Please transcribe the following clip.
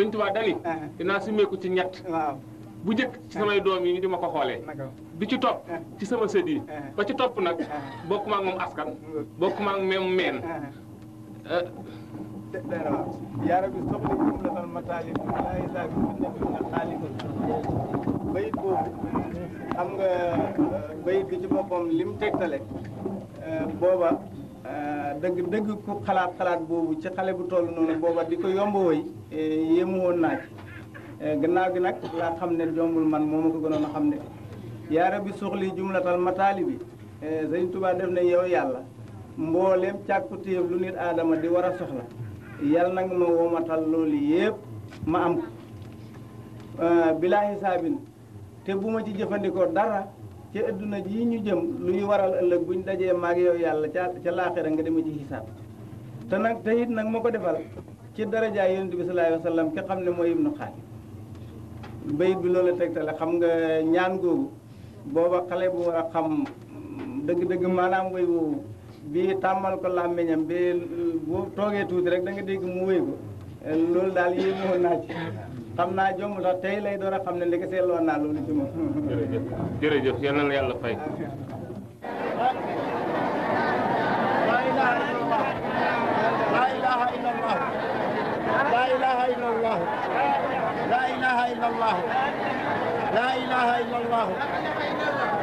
sëñ Tuubaa dani dinaa simmeeku ci ñett bu njëkk ci samay doom yi di ma ko xoolee bi ci topp ci sama sët yi ba ci topp nag bokkuma ak moom askan bokkuma ak même meen euh, yaa rabbi soxla xam nga euh, bayit bi ci boppam lim tegtale euh, booba Euh, dëgg dëgg ku xalaat xalaat boobu ci xale bu toll noonu booba di ko yomb woy eh, yéemu woon eh, gannaaw gi nag la xam ne jombul man moo ma ko gënoon a xam ne yaa rabbi suxli jumlatal mataali bi eh, sëñ Tuubaa def ne yow yàlla mbooleem càkkutéef lu nit aadama di war a soxla yàlla nag ma womatal loolu yëpp ma am ko bilaa xisaabin te bu ma ci jëfandikoo dara ci adduna ji ñu jëm luy waral ëllëg buñ dajee maag yow yàlla ca ca rek nga dema ci xisaab te nag te it nag ma ko defal ci darajaay yonent bi sallallahu alayhi wa sallam ki xam ne mooy ibnu xaadim bayit bi loolu tegtale xam nga ñaan googu booba xale bu war a xam dëgg-dëgg maanaam woy woowu bi tàmmal ko làmmiñam bi boo toogee tuuti rek da nga dégg mu wéy ko loolu daal yéen ñëwoon naa ci xam naa jomb sax tey lay door a xam ne ndeke seetloon naa loolu ci moom. jërëjëf jërëjëf yal na la yàlla fay. La ilaaha illallah la ilaaha illallah la ilaaha illallah la ilaaha illallah laa ilaaha illallah